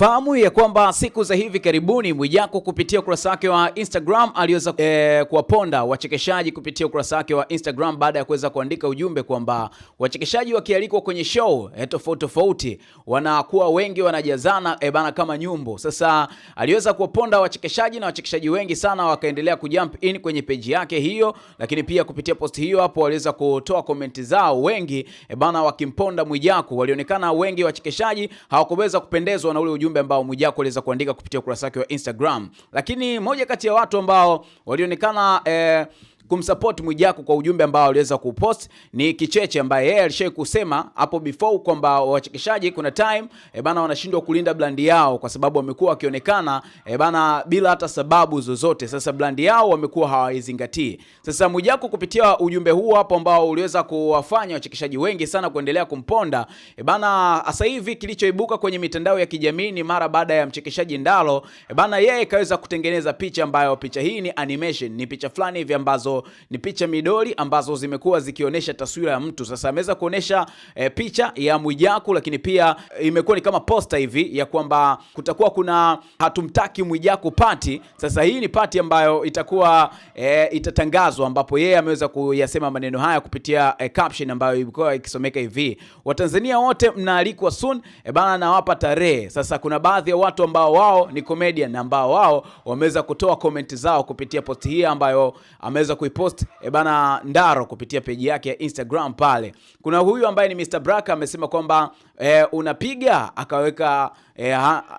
Fahamu ya kwamba siku za hivi karibuni Mwijaku kupitia ukurasa wake wa Instagram aliweza e, kuwaponda wachekeshaji kupitia ukurasa wake wa Instagram baada ya kuweza kuandika ujumbe kwamba wachekeshaji wakialikwa kwenye show e, tofauti tofauti wanakuwa wengi wanajazana e, bana kama nyumbu. Sasa aliweza kuwaponda wachekeshaji na wachekeshaji wengi sana wakaendelea kujump in kwenye peji yake hiyo, lakini pia kupitia post hiyo hapo waliweza kutoa komenti zao wengi e, bana wakimponda Mwijaku. Walionekana wengi wachekeshaji hawakuweza kupendezwa na ule ujumbe ujumbe ambao Mwijaku aliweza kuandika kupitia ukurasa wake wa Instagram, lakini moja kati ya watu ambao walionekana eh, kumsupport Mwijaku kwa ujumbe ambao aliweza kupost. Ni Kicheche ambaye yeye alishai kusema hapo before kwamba wachekeshaji kuna time e bana wanashindwa kulinda brand yao kwa sababu wamekuwa wakionekana e bana bila hata sababu zozote. Sasa brand yao wamekuwa hawaizingatii. Sasa Mwijaku kupitia ujumbe huu hapo ambao uliweza kuwafanya wachekeshaji wengi sana kuendelea kumponda e bana, sasa hivi kilichoibuka kwenye mitandao ya kijamii ni mara baada ya mchekeshaji Ndalo e bana, yeye kaweza kutengeneza picha ambayo picha hii ni animation, ni picha fulani hivi ambazo ni picha midoli ambazo zimekuwa zikionyesha taswira ya mtu. Sasa ameweza kuonyesha e, picha ya Mwijaku, lakini pia eh, imekuwa ni kama posta hivi ya kwamba kutakuwa kuna hatumtaki Mwijaku pati. Sasa hii ni pati ambayo itakuwa e, itatangazwa, ambapo yeye ameweza kuyasema maneno haya kupitia e, caption ambayo ilikuwa ikisomeka hivi: Watanzania wote mnaalikwa soon, e bana, nawapa tarehe. Sasa kuna baadhi ya watu ambao wao ni comedian ambao wao wameweza kutoa comment zao kupitia posti hii ambayo ameweza ku amepost eh, bana Ndaro kupitia peji yake ya Instagram pale. Kuna huyu ambaye ni Mr Braka amesema kwamba e, unapiga akaweka e,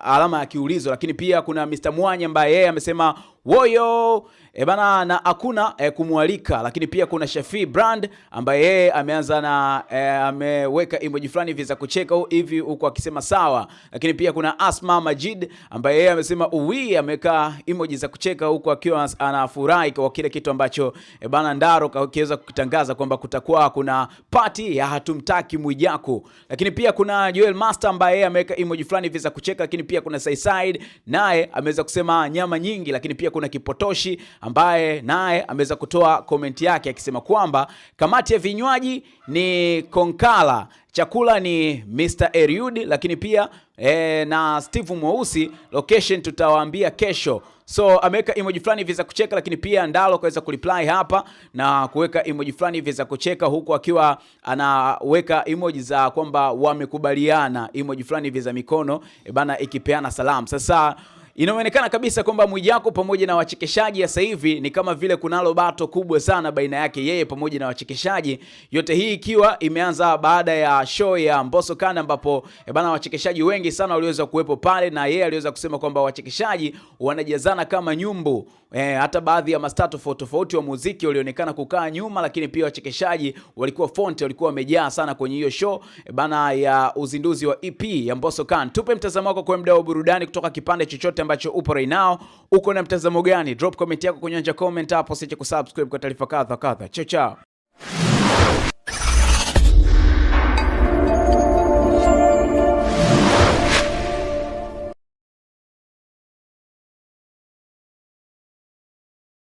alama ya kiulizo. Lakini pia kuna Mr Mwanya ambaye yeye amesema woyo e, bana na hakuna e, kumwalika. Lakini pia kuna Shafi Brand ambaye yeye ameanza na e, ameweka emoji fulani hivi za kucheka hivi huko akisema sawa. Lakini pia kuna Asma Majid ambaye yeye amesema uwi, ameweka emoji za kucheka huko akiwa anafurahi kwa kile kitu ambacho e, bana Ndaro kaweza kutangaza kwamba kutakuwa kuna party ya hatumtaki Mwijaku. Lakini pia kuna kuna Joel Master ambaye ameweka emoji fulani hivi za kucheka, lakini pia kuna Saiside naye ameweza kusema nyama nyingi, lakini pia kuna Kipotoshi ambaye naye ameweza kutoa komenti yake akisema kwamba kamati ya vinywaji ni konkala chakula ni Mr. Eliud, lakini pia e, na Steve Mweusi. Location tutawaambia kesho. So ameweka emoji fulani hivi za kucheka, lakini pia Ndalo kaweza kureply hapa na kuweka emoji fulani hivi za kucheka, huku akiwa anaweka emoji za kwamba wamekubaliana, emoji fulani hivi za mikono e bana, ikipeana salamu sasa Inaonekana kabisa kwamba Mwijaku pamoja na wachekeshaji sasa hivi ni kama vile kunalo bato kubwa sana baina yake yeye pamoja na wachekeshaji, yote hii ikiwa imeanza baada ya show ya Mbosso Kanda, ambapo e bana wachekeshaji wengi sana waliweza kuwepo pale na yeye aliweza kusema kwamba wachekeshaji wanajazana kama nyumbu. E, hata baadhi ya mastaa tofauti tofauti wa muziki walionekana kukaa nyuma, lakini pia wachekeshaji walikuwa font, walikuwa wamejaa sana kwenye hiyo show e bana ya uzinduzi wa EP ya Mbosso Kanda. Tupe mtazamo wako kwa mdau wa burudani kutoka kipande chochote ambacho upo right now, uko na mtazamo gani? Drop comment yako kwenye anja comment hapo, usiache kusubscribe kwa taarifa kadha kadha. Chao chao.